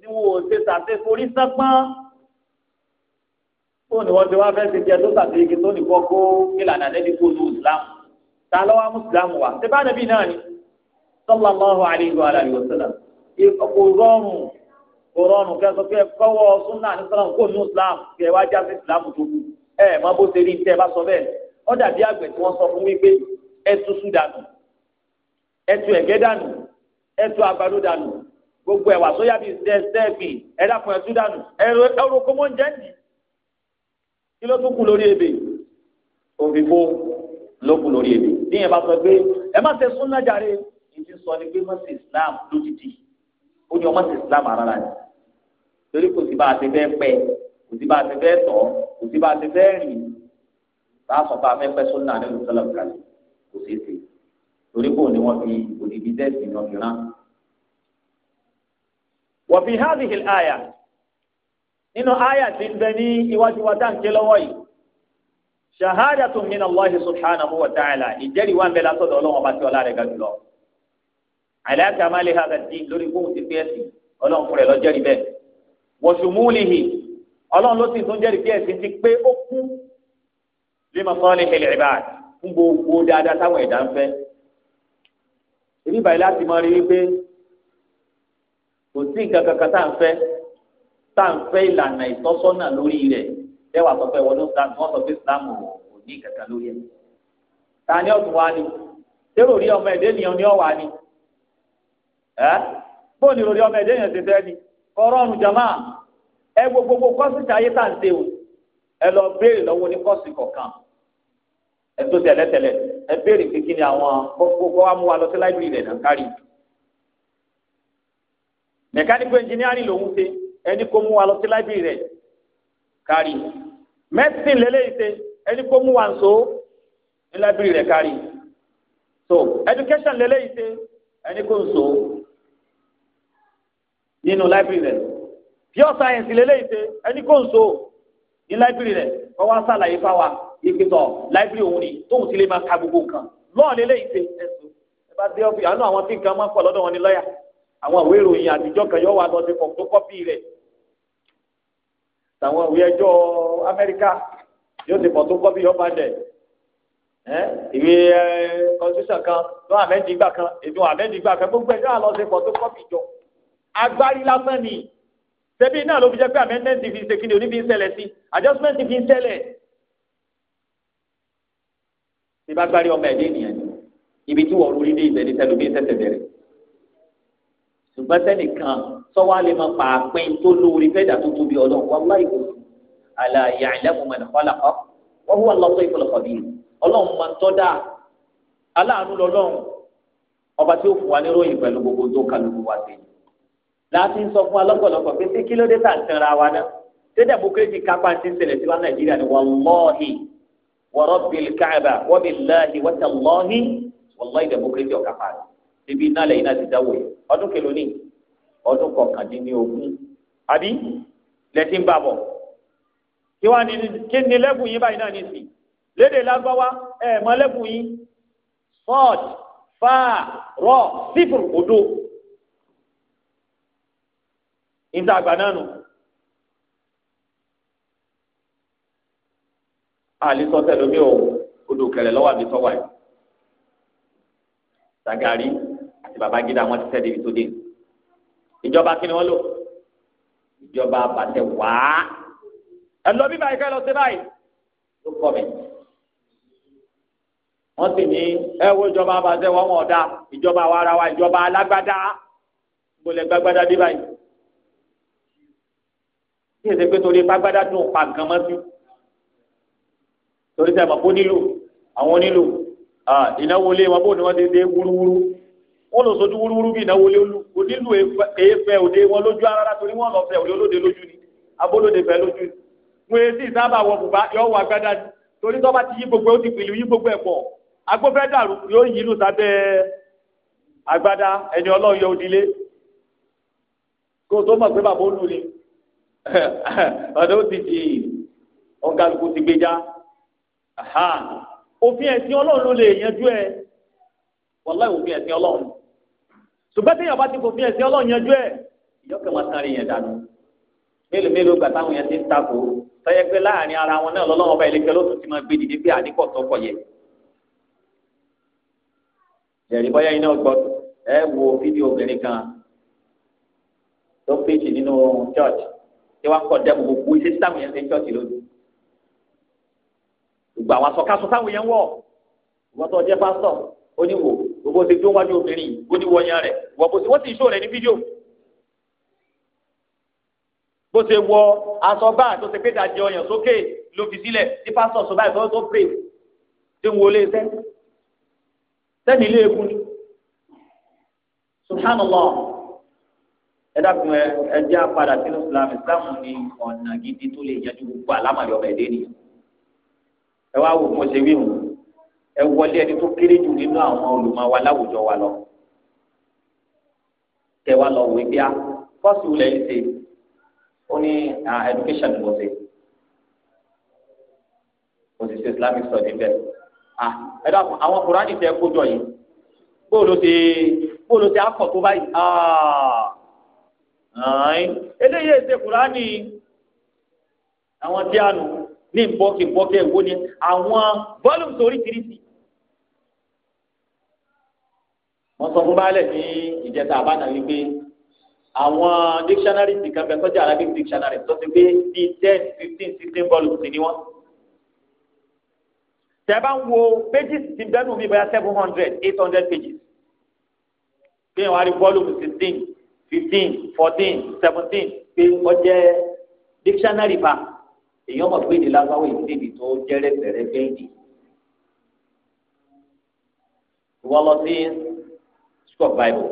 ni wọ́n ò ṣe ṣàṣe forí sápán tó ní wọ́n ti wá fẹ́ẹ́ ti jẹ tó tàbí igi tó ní kọ́ kó ìlànà nẹ́bí kó lu islam ta lọ́wọ́ muslim wa bá nàbí náà ni sallallahu alayhi alayhi wa sallam kò rọrùn kò rọrùn kẹsọ pé kọ́wọ́ sunna ní sọlá kó nu islam kẹ wá já islam tó kù ẹ má bó kí ló tún kù lórí ebè òfìfo ló kù lórí ebè níyẹn bá sọ pé ẹ má ṣe súnà jàre ìdí sọ ni pé má ṣe islam lójijì ó ní ọmọ ṣe islam ara rẹ torí kò sí bá a ti fẹ́ pẹ́ kò sí bá a ti fẹ́ tọ́ kò sí bá a ti fẹ́ rìn bá a sọ pé a fẹ́ pẹ́ súnà ní olùsọ́lá ìgbàlè kò sí èsì torí kò ní wọ́n fi òdìdí dẹ́sì ní ọ̀gbìn náà. wọ́n fi hádìhìl àyà nínú àyà tí ń bẹ ní iwájú wa dáǹkẹ́ lọ́wọ́ yìí shahadatu min allah subhanahu wa ta'ala ìjẹ́rìí wa ń bẹ látọ̀dọ̀ ọlọ́wọ́n bá ti ọlá rẹ̀ ga jùlọ àìláyàtà máa lè ha gà dín lórí gbóhùn ti fẹ́ sí ọlọ́run fúnra ẹ̀ lọ́jẹ́rìí bẹ́ẹ̀ wọ̀ṣùmúlìhì ọlọ́run ló sì tún jẹ́rìí bí ẹ̀sìn ti pé ó kú lè máa sọ́ọ́ lè hẹlẹ̀ rẹ̀ báyìí fún gbogbo dáadáa táwọn ẹ̀dá ń fẹ́ ebi báyìí láti máa rí wípé kò sí nǹkan kankan tá tá à ń fẹ́ ìlànà ìtọ́sọ́nà lórí rẹ̀ tẹ́wà sọ pé wọnú islam wọ́n sọ pé islam ò ní kàkà lórí ẹ̀. ta ni ọ̀tún wa ni tẹ́rọ rí ọmọ ẹ̀dẹ́ nìyẹn ni ọ̀wà ni ẹ́ bó ni lórí ọmọ ẹ̀dẹ́ yẹn ti fẹ́ ni ọ̀rọ̀ jama ẹ gbogbogbò kọ́sì tí ayé tà ń tẹ o ẹ lọ béèrè lọ́wọ́ ní kọ́sì kọ̀ọ̀kan ẹ tó tẹ̀lẹ́tẹ̀lẹ́ ẹ béèrè pé kí ni àwọn gbogbo wa mú wa lọ sí láìbírì rẹ̀ náà kárí mẹkáníkì ẹnjìnírì lòún ṣe ẹni kó mú wa lọ sí láìbírì rẹ̀ kárí mẹ́sìn lélẹ́yìí ṣe ẹni kó mú wa ń so ní láìbírì rẹ̀ kárí so education lélẹ́yìí ṣe ẹni kó ń so nínú láìbírì rẹ̀ pure science lélẹ́yìí ṣe ẹni kó ń so ní láìbírì rẹ̀ kọ́ wa ṣàlàyé fáwa ìpìtọ̀ láìbírì òun ni tóun ti lè máa ka gbogbo nǹkan lọ́ọ̀ lélẹ́yìí ṣe ẹ̀sùn ẹ bá dé ọ́fíì àánú àwọn tí nǹkan máa ń pọ̀ lọ́dọ̀ wọn ni lọ́ọ̀yà àwọn ìwé ìròyìn àtijọ́ kan yóò wá lọ sí kọ̀ọ̀tún kọ́pì rẹ̀ tàwọn ìwé ẹjọ́ Amẹ́ríkà yóò ti pọ̀ tó kọ́ bí yọ bá dẹ̀ ìwé constitution kan lọ́wọ́ amẹ́ndì ìgbà kan ètò amẹ́ndì ìgbà kan gbogbo ẹjọ́ àlọ́ ṣe pọ̀ tó kọ́ bí jọ agbárí lásán ni ṣebí náà ló fi jẹ́ pé amendment fi ṣe kí ni oníbi ń ṣẹlẹ̀ sí adjustment fi ń ṣẹlẹ̀ tí bá gbárí ọmọ ẹ̀dẹ́ ènìyàn ni ibi tí wọ́n rúrí dé ibẹ̀ ní sẹ́lómi ń tẹ̀sẹ̀ bẹ̀rẹ̀ ṣùgbọ́n sẹ́nìkan sọ́wọ́ lè máa pa àpín tó lórí fẹ́ẹ́ dà tó tóbi ọlọ́run wallahi kò sí àlà ya'lamu man khalaqa wa huwa al-latiful khabir ọlọ́run máa tọ́ dáa aláàánú lọ́lọ́run ọba tí ó fún wa níròyìn pẹ̀lú gbogbo tó kálukú wa sí i láti ń sọ fún wa lọ́pọ̀lọpọ̀ pé sí kí ló dé tà ń tanra wa náà tẹ́tẹ̀ bó kéjì kápá ti ń ṣẹlẹ̀ sí wa nàìjíríà ni wallahi wa rabbil káàbà wa billahi wa tallahi wallahi dẹ̀ bó kéjì ọ̀kápá níbi iná lẹ́yìn náà ti dáwọ̀ ọdún kẹlónìí ọdún kọkàndínlógún àbí lẹ́tí ń bà bọ̀ kí wàá ní kí ni lẹ́bùn yín báyìí náà ní sí lédè lágbáwá ẹ̀ mọ lẹ́bùn yín sọ́ọ̀t fà rọ sífù odò níta àgbà náà nù. àlìsọ́tẹ̀ lómi ò odò kẹlẹ̀ lọ́wọ́ àbí sọ́wọ́ ẹ̀ sàgàrí àti babagídá wọn ti sẹ́ẹ̀dì tó dé ìjọba kí ni wọ́n lò ìjọba àbàtẹ wàá ẹ lọ bí báyìí ká lọ sí báyìí ló kọ mi wọ́n sì ní ẹ wo ìjọba àbàtẹ wọn wọn ọdá ìjọba àwa ara wa ìjọba alágbádá gbolẹ gbàgbádá dé báyìí kí ẹsẹ pé torí gbàgbádá dùn pa nǹkan mọ́ sí torí sẹ ẹ mọ bó nílò àwọn nílò ìnáwó lé wọn bó ni wọ́n ti dé wúrúwúrú wọn lọ sojú wúrúwúrú bí ìnáwó lé olú onílù e- èéfẹ òde wọn lójú ara torí wọn lọ fẹ òde olóde lójú ni abólóde fẹ lójú ni wọn èsì sábà wọ bùbá yọ wọ agbádá ni torí tọ́ba ti yí gbogbo ó ti pèlú yí gbogbo ẹ̀ pọ̀ agbófẹ́ dàrú yóò yí lù sábẹ́ agbádá ẹni ọlọ́run yọ òdìlé kó tó mọ̀ pé bàbá olú ni ọ̀dọ́ ti jì ọ̀gá lùkù ti gbéjà òfin ẹ̀sìn ọlọ́run ló lè yanjú ẹ̀ wàláì òfin ẹ̀sìn ọlọ́run ṣùgbọ́n tí yàrá bá ti fòfin ẹ̀sìn ọlọ́run yanjú ẹ̀ ìyọ́kẹ́ máa sáré yẹn dànù mélòó mélòó gbà táwọn yẹn ti ń takò sọyẹ pé láàrin ara wọn náà lọ́lọ́wọ́ ọba ìlẹ́kẹ́ ló tún ti máa gbé dìde pé àdínkù ọ̀tọ́kọ̀ yẹ. ẹ̀rí bọ́yá iná gbọ́ ẹ wo fídíò obìnrin kan tó péjì nínú church tí wọ́n kọ́ dẹ́mu gbogbo iṣẹ́ táwọn yẹn ń ṣe church lónìí. gbogbo àwọn aṣọkáṣọ táwọn yẹn ń wọ̀ wọ́n tó jẹ́ pásítọ̀ ó ní wò gbogbo ti tó wájú obìnrin yìí ó ní wọnyá rẹ̀ wọ́n bó ti wọ́n ti ṣó rẹ̀ ní fídíò bó ṣe wọ aṣọ báà tó ṣe pé dàjẹ́ ọyàn sókè ló fi sílẹ̀ ní pásítọ̀ sọ báyìí tó tó pè ṣé ń wọlé iṣẹ́ sẹ́ni ilé eku ni subhanallah ẹ̀dá kun ẹ ẹ̀dí apadà sínú islam islam ní ọ̀nà gidi tó lè yanjú gbogbo àlámàlì ọ̀bẹ̀ dé ni ẹ wá wò ó mo ṣe wí hùn ẹ wọlé ẹni tó kéré jù nínú àwọn olùmọ̀ wa láwùjọ wa lọ tẹ wa lọ wò bíá ah, kọ́ọ̀sì wò lẹ́yìn ṣe ó ní ah, education ló ṣe kò sì ṣe islamic study bẹ́ẹ̀ ah ẹ dàpọ̀ àwọn kùránì tẹ kó jọ yìí bóòlù ti bóòlù ti akọ̀ tó báyìí aaayin ah, eléyìí èsè kùránì àwọn díànù ní bọ́kì bọ́kì èwo ni àwọn volumes oríṣiríṣi. wọ́n sọ fún baálẹ̀ ní ìjẹta àbánà wípé àwọn dictionary ti kan bẹ sọ́jà arabic dictionary tó ti gbé bí ten fifteen sixteen volumes ni wọ́n. tẹ́ ń wo pages ti bẹ́nu mi bóyá seven hundred eight hundred pages pé wọ́n á rí volume sixteen fifteen fourteen seventeen pé wọ́n jẹ́ dictionary pa èèyàn mọ̀ pé èdè lágbáwò ìdílé tó jẹ́rẹ̀ bẹ̀rẹ̀ bẹ́ẹ̀ ni. wọ́n lọ sí kọ Bible,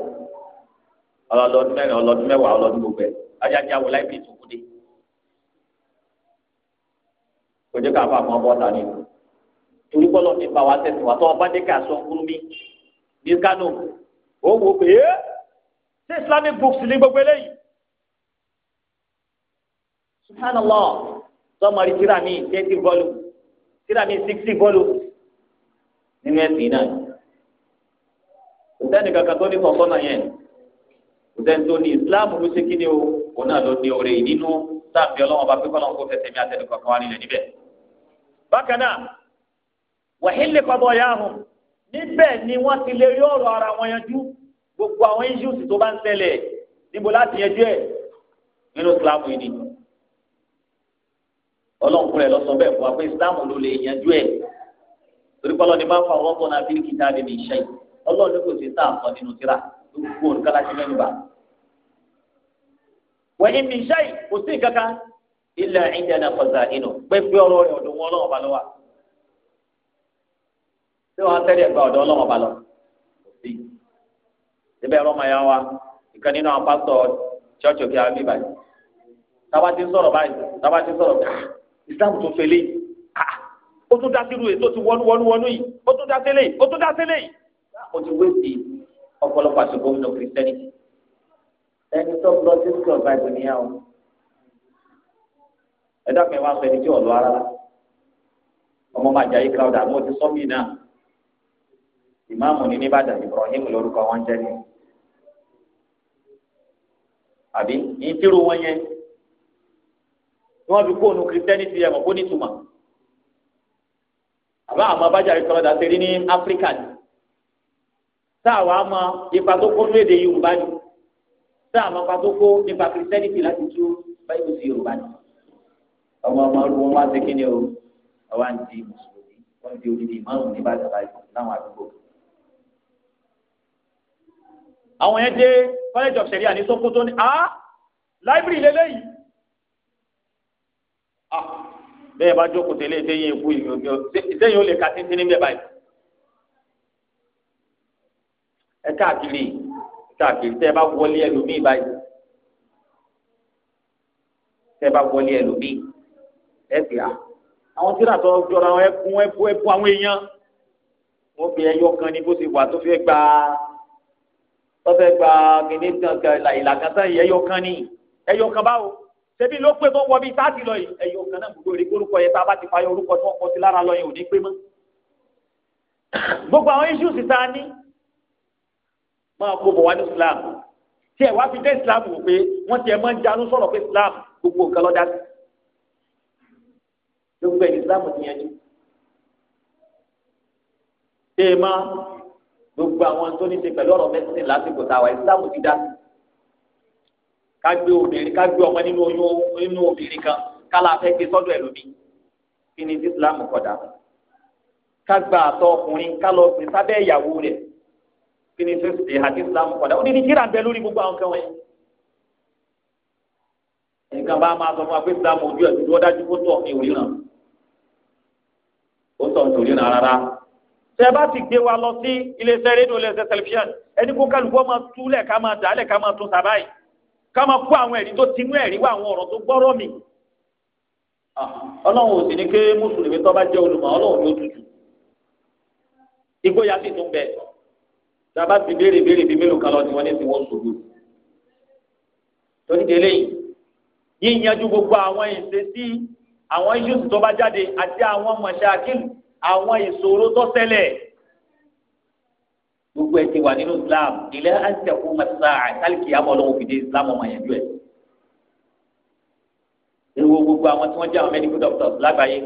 ọlọ́dún mẹ́rin ọlọ́dún mẹ́wàá ọlọ́dún gbogbo ẹ̀ ajájá wo láì fi ìtòkú dé ká fà mọ́ bọ́ta ni torí bọ́lọ̀ ní bá wa tẹ̀sí wa tọ́ ọba dé ká sọ fún mi ní Kánò ó wò pé ṣé Islamic books ní gbogbo eléyìí subhanallah sọmọrí tíra mi thirty volume tíra mi sixty volume nínú ẹ̀sìn náà sẹ́ni kankan tó ní sọ̀tọ́nà yẹn kò sẹ́ni tó ní islam ló ṣe kí ni o òun náà ló ní oore yìí nínú sáàbì ọlọ́wọ́n bá pípọ́ lọ́wọ́ kó fẹsẹ̀ mi àtẹnu kankan wá nílẹ̀ níbẹ̀. bákan náà wàhílì kọ́bọ̀ ya hùn níbẹ̀ ni wọ́n ti lè rí ọ̀rọ̀ ara wọn yanjú gbogbo àwọn issues tó bá ń ṣẹlẹ̀ níbo láti yanjú ẹ̀ nínú islam yìí ni ọlọ́nkú rẹ̀ lọ́sọ̀ bẹ́ẹ̀ fún wa pé islam ló lè yanjú ẹ̀ torí pọ́lọ́ ni máa ń fa ọwọ́ kan náà bí kìtà lè ní iṣẹ́ ọlọ́run ní kò sí tá à ń sọ nínú síra gbogbo nǹkan láti mẹ́nu bá. wẹ́n ní ṣáì kò sí kankan ilẹ̀ ìjẹ́nà kọ̀ọ̀sà inú pẹ́pẹ́ ọ̀rọ̀ rẹ̀ ọ̀dọ̀ wọn ọlọ́run ọba lọ́wọ́ tí wọ́n tẹ́lẹ̀ gba ọ̀dọ̀ ọlọ́run ọba lọ kò sí. síbẹ̀ ẹ̀rọ máa yá wa ìkan nínú àwọn pásítọ̀ church of yahoo báyìí tába ti sọ̀rọ̀ báyìí tába ti sọ̀rọ̀ ká ah, islam tó fẹ́lẹ́ ah, ó tún dá sílùú yìí tó ti wọnú wọnú wọnú yìí ó tún dá sílẹ̀ ó tún dá sílẹ̀ yìí ó ti wé sí ọ̀pọ̀lọpọ̀ àsìkò nínú kìrìsìtẹ́nìtì ẹni tó lọ sí school of bible nìyà o ẹ̀dá kan wá sọ ẹni tí ọ̀lọ́ ara ọmọ máa jẹ́ ayíkà ọ̀dà mo ti sọ mí náà ìmáàmù ní nìbàdàn Ibrahim lórúkọ wọn jẹ́ ni àbí ní tírú wọn yẹn tí wọ́n fi kóònù kìrìsìtẹ́nìtì ẹ̀mọ́ kó nítumọ̀ àbá àwọn abájáde sọ̀rọ̀ dà sí rí ní Áfíríkà ni sáà wàá mọ ipa tó kó ní èdè yorùbá ni sáà mọ ipa tó kó nípa kìrìsìtẹ́nìtì láti tú báyìí sí yorùbá ni ọmọ ọmọ ọdún wa ṣe kíni o ọwọ́ àǹtí mùsùlùmí wọ́n di odidi márùn ní bàtà báyìí láwọn àdúgbò. àwọn yẹn dé college of Sharia ní Sókótó ní a library lélẹ́yìí ah, bẹ́ẹ̀ bá jókòó tẹ́lẹ̀ ìtẹ́yìn ikú ìgbẹ́yìn ó lè ka títí níbẹ̀ báyìí. ẹ káàkiri káàkiri tẹ́ ẹ bá wọlé ẹlòmíì báyìí tẹ́ ẹ bá wọlé ẹlòmíì ẹ pè á àwọn tíra tó jọra ẹ kún ẹ bú ẹ bú àwọn èèyàn wọn fi ẹyọ kan ní bó ti wà tó fẹ́ gba tó fẹ́ gba kìnìún kankan ìlànà sáà yìí ẹyọ kan ní ẹyọ kan báwo ṣebí ló pé tó wọ bíi sáà ti lọ yìí ẹyọ kan náà gbogbo èrè orúkọ yẹn tá a bá ti fàyọ orúkọ tó ń kọ sí lára lọ yẹn ò ní pé mọ́ gbogbo àwọn iṣu sì ta ní máa kó bọ̀ wá ní islam tí ẹ wá fi dé islam wò pé wọ́n tiẹ̀ máa ń janú sọ̀rọ̀ pé islam gbogbo nǹkan lọ́dá sí gbogbo ẹ̀ islam ti yanjú. ṣé e máa gbogbo àwọn tó ní ṣe pẹ̀lú ọ̀rọ̀ mẹ́sìn lásìkò táwa islam ti dá sí ká gbé obìnrin ká gbé ọmọ nínú oyún nínú obìnrin kan kálá fẹ́ gbé sọ́dọ̀ ẹ̀ lómi kí ni islam kódà ká gba àtọ ọkùnrin ká lọ gbé sábẹ́ ìyàwó rẹ̀ kí ni fífi àti islam kọ̀dá ó ní ní kíra bẹ lórí gbogbo àwọn kẹwọn yẹn. ẹnìkan bá máa sọ fún wa pé islam ojú ẹ̀ dúró dájú kó tọ̀ ní òríran ó tọ̀ ní òríran rárá. tẹ bá ti gbé wa lọ sí iléeṣẹ́ rédíò iléeṣẹ́ tẹlifíṣàn ẹni kó kálukú máa túlẹ̀ ká máa dàálẹ̀ ká máa tún sàbáyì ká máa kó àwọn ẹ̀rí tó tinú ẹ̀rí wá àwọn ọ̀rọ̀ tó gbọ́rọ̀ mi. Ah, ọlọ́run ò sábà ti béèrè béèrè bíi mélòó kan lọ ni wọ́n ní ti wọ́n sòdò torí délé yìí yíyanjú gbogbo àwọn ìṣesí àwọn iṣu tó bá jáde àti àwọn mọ̀ṣáàkìl àwọn ìṣòro tó ṣẹlẹ̀ gbogbo ẹ ti wà nínú Islam ilẹ̀ àǹtẹ̀kù mẹ́ta àtàlìkì amọ̀lọ́wọ́ fìdí Islam ọmọ yẹn jù ẹ̀ ewu gbogbo àwọn tí wọ́n jẹ́ àwọn medical doctors lágbàáyé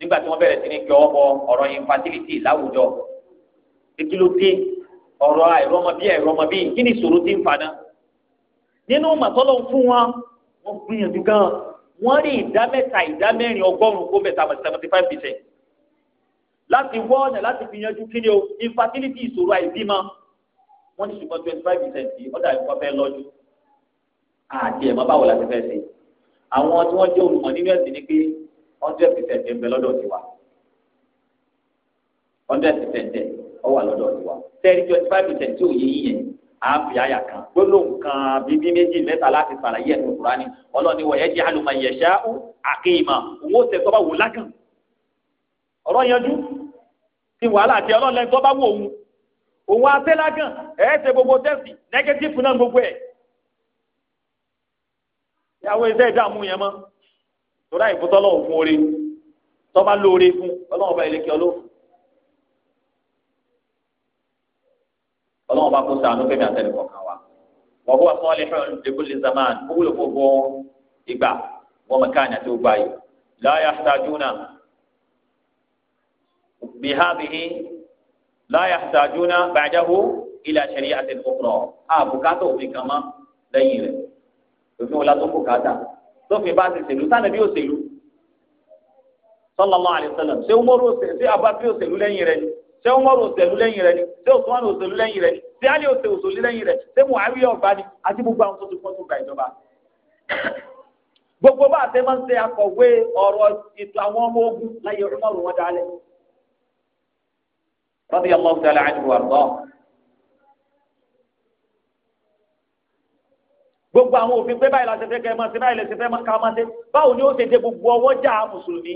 nígbà tí wọ́n bẹ̀rẹ̀ sí ní kí ọwọ́ bọ ọ̀rọ̀ infertility láwùjọ kí ló ọ̀rọ̀ àìrọ́mọbí àìrọ́mọbí kí ni ìṣòro ti ń fana nínú màtọ́lọ́ fún wa wọ́n gbìyànjú gan wọ́n rí ìdá mẹ́ta ìdá mẹ́rin ọgọ́rùn-ún kó mẹ́ta mọ̀ seventy five percent láti wọ́ ọ̀nà láti fi yanjú kí ni o infertility ìṣòro àìbímọ wọ́n ní ṣùgbọ́n twenty five percent yìí ọ̀dà ìkọ́ fẹ́ lọ́jú àti ẹ̀mọ́ báwo la ti fẹ́ ṣe àwọn tí wọ́n jẹ́ olùmọ̀ nínú ẹ̀sìn ni pé hundred percent ń bẹ lọ́dọ̀ tiwa hundred percent wà lọ́dọ̀ tiwa sẹ́ẹ̀rí twenty five percent tí ò yé yíyẹn à ń fi àyà kan gbólóhùn kan bíbí méjì mẹ́ta láti sàlàyé ẹ̀ nínú Kùránì ọlọ́ni wọ̀nyẹ́ jẹ́ àlùmọ̀ yẹ̀ṣẹ́ àkéyìmọ̀ òun ó tẹ̀ tọ́ bá wò lákàn ọ̀rọ̀ yanjú ti wàhálà àti ọlọ́lẹ́ tọ́ bá wò òun òun á tẹ́ lágàn ẹ̀ ẹ́ ṣe gbogbo tẹ́sì nẹ́gẹ́tífù náà gbogbo ẹ̀ yàwó iṣẹ́ ìdààmú yẹn mọ́ tọ́lá ìfútọ́lọ́ òfin oore tọ́ bá lóore fún ọlọ́run ọlọ́run bá kó sànú fẹ́mi àtẹ̀lẹ̀ kọ̀ọ̀kan wa wọ́n kó wa fún ọlẹ́ fẹ́ràn lẹ́kọ́lẹ́ zaman ó wúlò fún gbọ́ ìgbà wọ́n mọ̀ káàní àti ogbà yìí la yahtajuna bihadhihi la yahtajuna ba'dahu ila shari'atin ukhra àbùkátà òfin kan mọ́ lẹ́yìn rẹ̀ òfin wọn látọ́ bùkátà tófin bá ti ṣèlú sáà nàbí òṣèlú sallallahu alaihi wasallam ṣé ṣé Umar òṣèlú lẹ́yìn rẹ ni ṣé Usman òṣèlú lẹ́yìn rẹ̀ ni ṣé Ali òṣè òṣèlú lẹ́yìn rẹ ṣé Muawiya ọba ni àti gbogbo àwọn tó ti fọ́n tó gba ìjọba. gbogbo bá a ṣe máa ń ṣe akọ̀wé ọ̀rọ̀ ètò àwọn ọmọ ogun láyé Umar wọn gbogbo àwọn òfin pé báyìí la ṣe fẹ́ kẹ́ ẹ máa ṣe báyìí la ṣe fẹ́ ká máa ṣe báwo ni ó ṣe dé gbogbo ọwọ́jà mùsùlùmí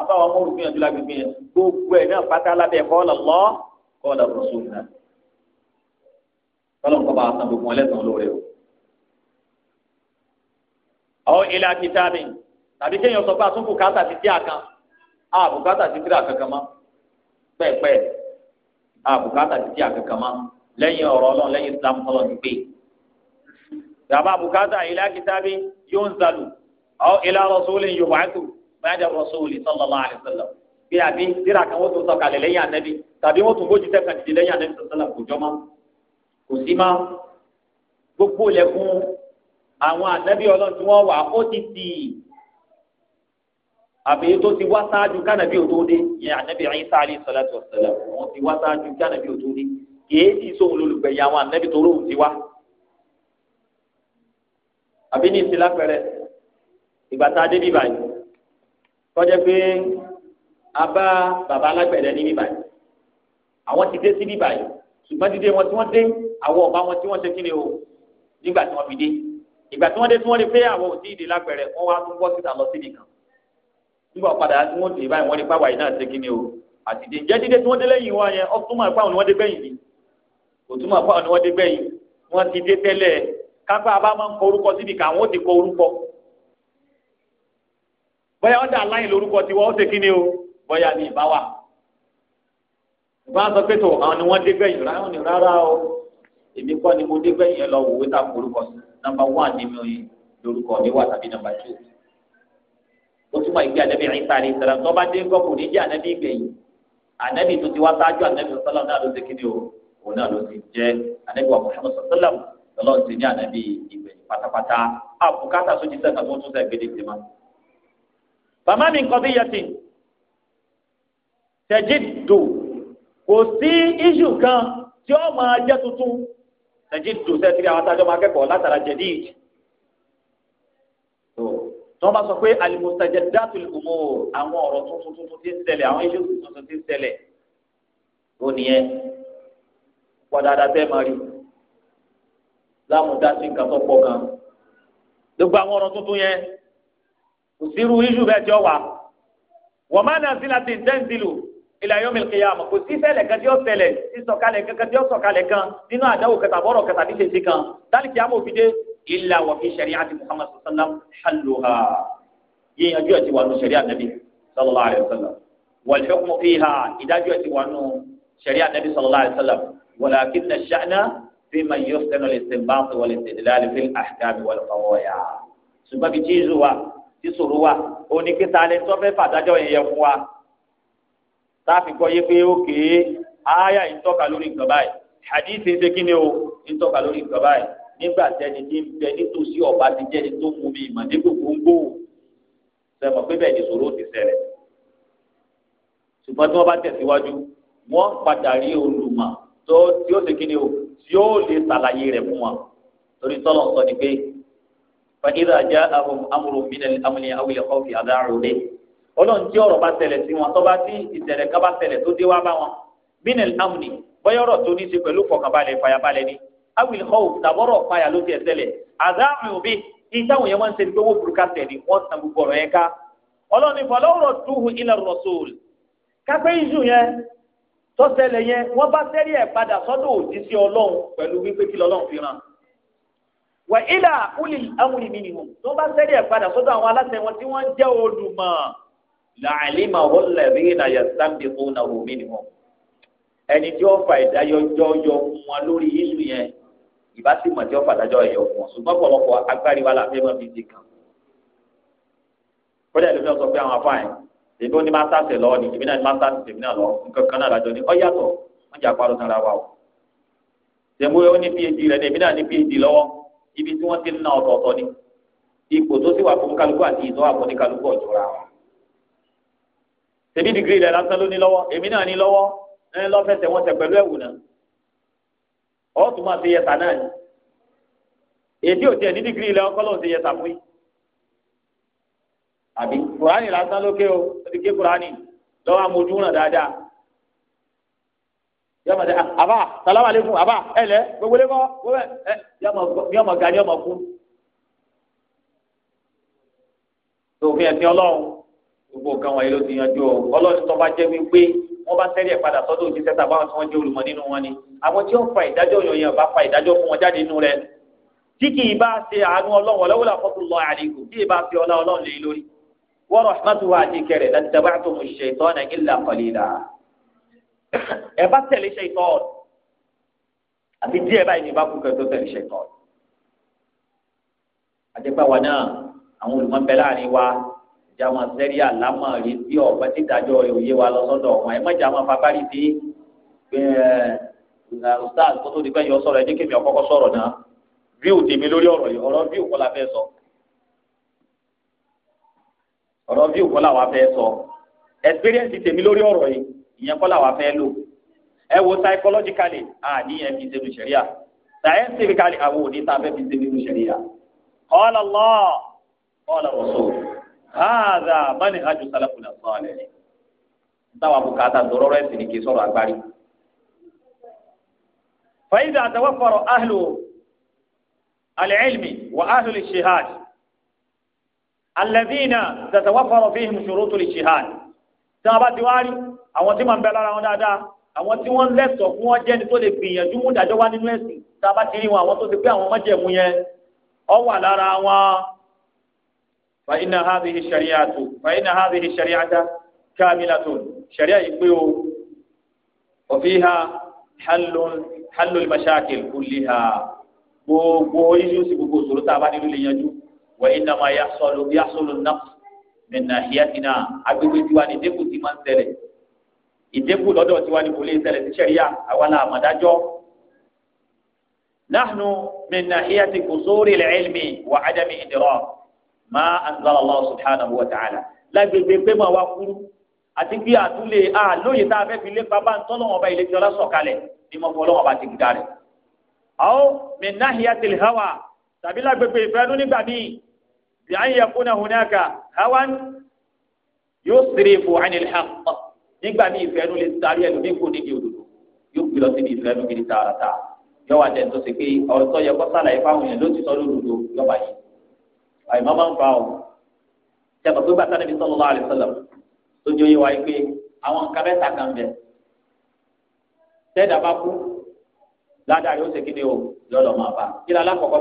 àbáwọn ọmọ òrùn gbìyànjú lágbègbè yẹn gbogbo ẹ̀ náà pátá lábẹ́ kọ́ọ̀lá lọ kọ́ọ̀lá rọ̀ṣù náà kọ́lọ́n kọ́ bá san gbogbo wọn lẹ́sàn-án lóore o. àwọn ilé akitami tàbí kéèyàn sọ pé àtúntò bùkátà ti dí àkàn á ti dírà kankan mọ́ mọ́ lẹ́yìn Islam kọ́lọ́n ti dàbá bukata ilá kitabi كتاب ينزل ilá rọ̀súlì رسول ba'da rọ̀súlì sallallahu alaihi wasallam bí àbí tíra kan wọ́n tún sọ̀kalẹ̀ lẹ́yìn ànábì tàbí wọ́n tún bójú tẹ́ka dìde lẹ́yìn ànábì sọ̀tọ́lá kò jọ mọ́ kò sí mọ́ gbogbo lẹ́kùn àwọn ànábì ọlọ́run tí wọ́n wà ó ti tì í àbí tó ti wá sáájú kánàbí ò tó dé yẹn ànábì Ìsá alayhi salatu wassalam wọ́n ti wá sáájú kánàbì ò kì í ti sóhun lólùgbẹ̀yà àwọn ànábì tó róhùn ti wá àbí ní ìsìn lápẹrẹ ìgbà tá a dé bíbà yìí tọ́jẹ́ pé a bá bàbá alágbẹ̀dẹ ní bíbà yìí àwọn ti dé sí bíbà yìí ṣùgbọ́n dídé wọn tí wọ́n dé àwọn ọba wọn tí wọ́n ṣe kíni o nígbà tí wọ́n fi dé ìgbà tí wọ́n dé tí wọ́n lè pé àwọn ò tí ì dé lápẹrẹ wọ́n wá tún bọ́ síta lọ sí nìkan nígbà padà tí wọ́n dé báyìí wọ́n lè pàwọ́ náà ṣe kíni o àtìdé ǹjẹ́ dídé tí wọ́n dé lẹ́yìn wọn yẹn ó túmọ̀ ni wọ́n dé gbẹ̀yìn ni kò túmọ̀ ni wọ́n dé gbẹ̀yìn wọ́n ti dé tẹ́lẹ̀ kápẹ́ àbá máa ń kọ orúkọ síbi kà wọ́n ti kọ orúkọ bóyá ọ̀dà aláìn lórúkọ tí wọ́n ṣe kíni o bóyá ní ìbá wa wọ́n sọ pé tó àwọn ni wọ́n dé gbẹ̀yìn ráhùn ní rárá o èmi kọ́ ni mo dé gbẹ̀yìn ẹ lọ wò wí tàbí orúkọ nàmbà wán ní mi lórúkọ mi wà tàbí nàmbà tù ó túmọ̀ ìgbé ànábì Ìsá aláyhi sàlám tó bá dé gbọ́ kò ní jẹ́ ànábì gbẹ̀yìn ànábì tó ti wá sáájú ànábì sọ́lá náà ló ṣe kíni o òun náà ló ti jẹ́ ànábì wa Muhammad sọ́lá ọlọ́run ti ní ànábì ìgbẹ̀yìn pátápátá àbùkátà tó ti sẹ́ka tó tún sẹ́ gbélé ti ma. bàmá mi nǹkan bí yẹtì tẹ̀jí dò kò sí iṣu kan tí ó máa jẹ́ tuntun tẹ̀jí dò sẹ́tìrì àwọn atájọ́ máa kẹ́kọ̀ọ́ látara jẹ̀dí. tó bá sọ pé al-mustajaddatul umur àwọn ọ̀rọ̀ tuntun tuntun ti ń ṣẹlẹ̀ àwọn iṣu tuntun ti ń ṣẹlẹ̀ ó nìyẹn pọ̀ dáadáa tẹ́ máa rí i lámúdásí nǹkan tó pọ̀ kan gbogbo àwọn ọ̀rọ̀ tuntun yẹn kò sí irú iṣu bẹ́ẹ̀ tí ó wà wọ́n máa nà sí láti dẹ́ńsìlù ilà yọmi kìyàmù kò sí ṣẹlẹ̀ kan tí ó ṣẹlẹ̀ sísọ̀kalẹ̀ kankan tí ó sọ̀kalẹ̀ kan nínú àdáwò kẹta bọ́rọ̀ kẹta ní ṣèṣe kan dáàlì kìyàmù òfin dé ilà wà fi ṣẹ̀rí àti muhammad sallam halluha yíyanjú ẹ̀ ti فيما يحسن الاستنباط والاستدلال في الأحكام والقضايا ṣùgbọ́n bí jíìzù wa tí sòrò wa oníkẹta ni tó fẹ́ fàdájọ́ yẹn yẹ fún wa tá a fi gbọ́ yé pé ó kéé aya ń tọ́ka lórí nǹkan báyìí hadith ń ṣe kí ni o ń tọ́ka lórí nǹkan báyìí nígbà tẹni tí ń bẹ nítòsí ọba ti jẹ́ni tó mú mi ìmọ̀ ní gbogbo sẹ́mọ̀ pé bẹ́ẹ̀ ni sòrò ti ṣẹlẹ̀ ṣùgbọ́n tí wọ́n bá tẹ̀síwájú wọ́n padà rí olùmọ̀ tó tí ó ṣe kí ni o yóò lè ṣàlàyé rẹ̀ fún wa torí tọ́lọ̀ sọ ni pé fàdíra já ahùn amúrò mílẹ̀ amúlẹ̀ awìlẹ̀ kọ́fì àdáhùn rẹ̀ ọlọ́run tí ọ̀rọ̀ bá tẹ̀lẹ̀ sí wọn tó bá tí ìṣẹ̀lẹ̀ ká bá tẹ̀lẹ̀ tó dé wá bá wọn mílẹ̀ amúnì bóyá ọ̀rọ̀ tó ní í ṣe pẹ̀lú fọkànbalẹ̀ fàyàbalẹ̀ ni awìlẹ̀ kọ́f tàbọ̀rọ̀ payà ló tiẹ̀ tẹ̀lẹ̀ tọ́sẹ̀lẹ̀ yẹn wọ́n bá sẹ́rí ẹ̀ padà sọ́dọ̀ òjíṣẹ́ ọlọ́run pẹ̀lú wípé kí lọ́lọ́run fi ràn. wà ilà kúlì amúlì mi nìhùn tó bá sẹ́rí ẹ̀ padà sọ́dọ̀ àwọn aláṣẹ wọn tí wọ́n jẹ́ olùmọ̀ làálímà wọ́n lẹ̀rí ìnáyà sáńdé fún àwọn mi nìhùn. ẹni tí ó fa ìdájọ́ yọ fún wọn lórí yíṣu yẹn ìbá sì mọ̀ tí ó fàdájọ́ yọ fún wọn ṣùgbọ́n pọ̀lọpọ̀ agbárí wa làfẹ́ mọ́ fi ti kàn. kódà ìlú mi èmi ò ní máa sáàsì lọ ni èmi náà ní máa sáàsì tèmi náà lọ nǹkan náà lájọ ni ọ̀yàtọ̀ wọ́n jà parọ́ sanra wa o tèmi ó ní phd rẹ ni èmi náà ní phd lọ́wọ́ ibi tí wọ́n ti ń na ọ̀tọ̀ọ̀tọ̀ ni ipò tó sì wà fún kálukú àti ìtọ́ wà fún ní kálukú ọ̀jọ̀ra wọn tèmi dìgírì rẹ lásán ló ní lọ́wọ́ èmi náà ní lọ́wọ́ ẹni lọ́fẹ̀sẹ̀ wọn tẹ pẹ̀lú ẹ̀wù náà ọ̀tún máa ti yẹta náà ni èdè òtí ẹ̀ ní rẹ ọkọ́ lóun ti yẹta fún yìí àbí kùránì lásán lókè o ó ti ké kùránì lọ́wọ́ amójú ràn dáadáa yọmọ dẹ aba salamu aleykum aba ẹlẹ gbogbo lẹ kọ wọbẹ ẹ yọmọ yọmọ ga ni yọmọ kú tòfin ẹsìn Ọlọ́run gbogbo nǹkan wọ̀nyí ló ti yanjú o Ọlọ́run tó bá jẹ wípé wọn bá sẹrí ẹ padà sọ́dọ̀ òjì sẹta báwọn tí wọn jẹ olùmọ̀ nínú wọn ni àwọn tí wọn fa ìdájọ́ yọnyẹn bá fa ìdájọ́ fún wọn jáde nínú rẹ̀ tí kì í bá ṣe àánú Ọlọ́run ọlọwọlọ àfọkùnrin lọ àlejò tí ì bá fi ọlá Ọlọ́run lé lórí wa rahmatuhu àti kẹrẹ la taba'tumu ash-shaytana illa qalila ẹ bá tẹ̀lé shaytan àti díẹ̀ báyìí ní bá kú kẹtó tẹ̀lé shaytan àdìpá wa náà àwọn olùmọ̀bẹ láàrin wa jàmọ̀ sẹ́rí àlámọ̀ rí bí ọ̀pẹ títajọ́ òye wa lọ sọ́dọ̀ ọ̀wọ́n ẹ má jàmọ̀ fabárí sí ẹ ọ̀sán kótó di pé yọ sọ̀rọ̀ ẹ jẹ́ kémi ọ̀kọ́kọ́ sọ̀rọ̀ náà bíu tèmi lórí ọ̀rọ̀ yìí ọ̀rọ̀ bíu kọ́ la fẹ́ sọ ọ̀rọ̀ bí òkọ́ làwa fẹ́ sọ experience tèmi lórí ọ̀rọ̀ yìí ìyẹn kọ́ làwa fẹ́ lò ẹ wo psychologically àníyàn fi ṣe lu ṣẹ̀ríà scientifically àwọn òní tá a fẹ́ fi ṣe lu ṣẹ̀ríà qala Allah qala Rasul hadha manhaju salafina salih táwa bùkátà dọ̀rọ̀ rẹ̀ sì ni kì í sọ̀rọ̀ agbárí. fa idha tawaffara ahlu al-ilmi wa ahlu al alẹ́dínà tẹ̀tẹ̀wọ́fọ̀rọ̀ fi hìm ṣòro tó lè ṣe hàn tí wọ́n bá ti wá rí àwọn tí wọ́n ń bẹ lára wọn dáadáa àwọn tí wọ́n lẹ́sọ̀ fún wọn jẹ́ni tó lè gbìyànjú mú dájọ́ wá nínú ẹ̀sìn tí a bá ti rí wọn àwọn tó ti pé àwọn májẹ̀mú yẹn ọ wà lára wọn. fa inna hadhihi shari'atu fa inna hadhihi shari'ata kamilatun sharia yìí pé o wa fiha halul halul mashakil kulliha gbogbo iṣu sí gbogbo òṣòro tá a bá nílò lè yanjú وإنما يحصل يحصل النقص من ناحيتنا agbègbè tiwa ni ìdẹ́kù ti máa ń ṣẹlẹ̀ ìdẹ́kù lọ́dọ̀ tiwa ni kò lè ṣẹlẹ̀ sí sẹ́ríà àwa la àmàdájọ́ نحن من ناحية قصور العلم وعدم إدراك ما أنزل الله سبحانه وتعالى lágbègbè pé máa wá kúrú àti bí àtúlẹ̀ àlóye tá a fẹ́ fi lé bàbá ń tọ́lọ́ ọba ìlẹ́jọ́ lásọ̀kalẹ̀ ni mo fọ́ ọlọ́wọ́ bá ti gbà rẹ̀. àwọn من ناحية الهوى tàbí lágbègbè ìfẹ́nu nígbà míì bí an yakuna hunaka hawan yusrifu anil haqq nígbà míì ìfẹ́nu lè sáré ẹlòmíì kò níbi òdodo yóò gbé lọ síbi ìfẹ́nu gidi tààràtà yóò wá dẹ̀ntó sí pé ọ̀rọ̀ tó yẹ kó sálàyé fáwọn èèyàn ló ti sọ lódodo yóò bá yí àyùmọ́ máa ń fa ọ̀ tẹ̀kọ̀ pé bàtà níbi sallallahu alaihi wasallam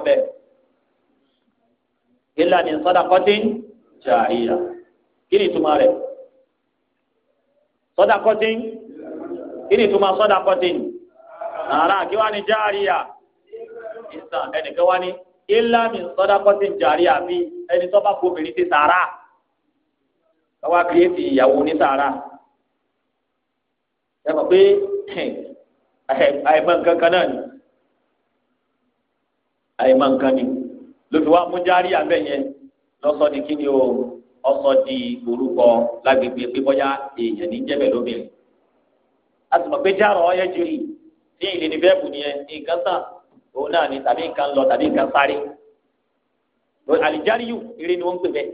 tó ilà ní sọdakọ́tì jàìyà kí ni ìtumọ̀ rẹ̀ sọdakọ́tì kí ni ìtumọ̀ sọdakọ́tì nàrà kí wàá ní jàìyà ìsàn ẹnìkan wá ní ilà ní sọdakọ́tì jàìyà bí ẹni tó bá kó obìnrin ti sàrà káwá kìrìtì ìyàwó ní sàrà yàtọ̀ pé àìmọ̀ nǹkan kan náà ni àìmọ̀ nǹkan ni lóbi wá mú járí abẹ yẹn lọsọ di kí ni o ọsọ di orúkọ lágbègbè pé bóyá èèyàn ní jẹbẹ lóbìnrin a sì mọ pé járọ ọyẹ jìrì ní ìlú ní bẹẹbù nìyẹn nǹkan tàn òun náà ni tàbí nǹkan lọ tàbí nǹkan sáré àlìjáríyù eré ni wọn ń pè bẹ́ẹ̀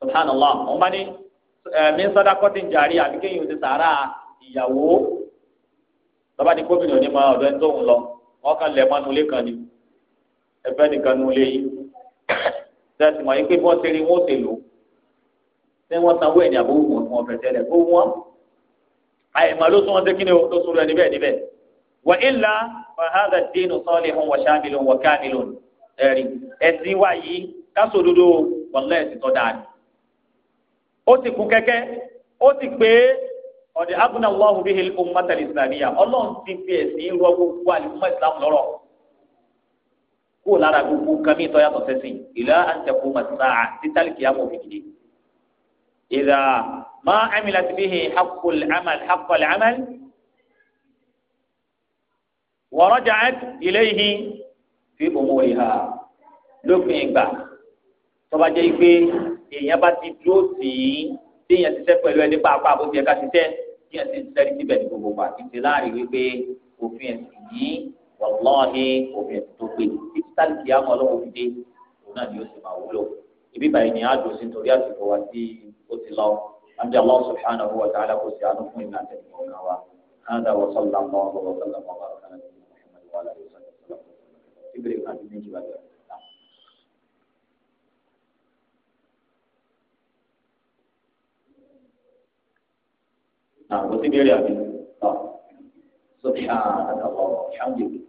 subhanallah wọn bá ní mi sadaqati jari àbí kéèyàn ti sàárà ìyàwó tọ́ba ní gómìnà ní ma ọ̀dọ́ ẹni tó lọ wọ́n kàn lẹ̀ mọ́nú ilé ni ẹfẹ nìkan nu lé yìí tẹsí wọn yìí pé bọ́n ṣe rí wọn ó ṣe lò ṣé wọn sanwó ẹ̀ ní àbó wọn fún ọ̀fẹ́ tẹ́lẹ̀ kó wọn àyèmọ̀ ló tún wọn ṣe kí ni o tó tún rẹ níbẹ̀ níbẹ̀ wà ilà fàhádà dínú sọ́ọ̀lì hàn wọ̀ ṣáàmìlò wọ̀ káàmìlò ẹ̀rí ẹ̀sìn wa yìí káṣọ òdodo wọ̀nlẹ́ ẹ̀sìn tó dáa ni. ó ti kú kẹ́kẹ́ ó ti pé ọ̀dẹ̀ abúlé aláwọ̀ bíi fi ẹ̀sìn kó o lára gbogbo nǹkan mi tọ́yàtọ̀ sẹ́sìn ìlà àǹtẹ̀kù màtìsá títàlì kìyàmọ̀ òfìdí. ìdá má amìlà ti bí hin hakul amal hakul amal wọ́rọ́jà ilé yìí fi òmò ìhà lópin ìgbà tọ́ba jẹ́ pé èèyàn bá ti dúró sí i téèyàn ti sẹ́ pẹ̀lú ẹni pàápàá bó ti ká ti sẹ́ téèyàn ti sẹ́rí síbẹ̀ ní gbogbo wa ìṣe láàrin wípé òfin ẹ̀sìn yìí wàlọ́ọ̀hìn òfin ẹ̀sìn tó pé sálìkì àmọ́ ọlọ́wọ́ fi dé òun náà ni ó sì máa wúlò ibi báyìí ni àádùn sí nítorí àsìkò wa tí ó ti lọ àbí Allah subhanahu wa ta'ala kò sí àánú fún ìlànà àtẹnudọ́ ọ̀gá wa هذا وصلى الله وسلم وبارك على نبينا محمد وعلى اله وصحبه وسلم تبرئ عن النجم والبركه نعم وتبرئ عن سبحانك اللهم وبحمدك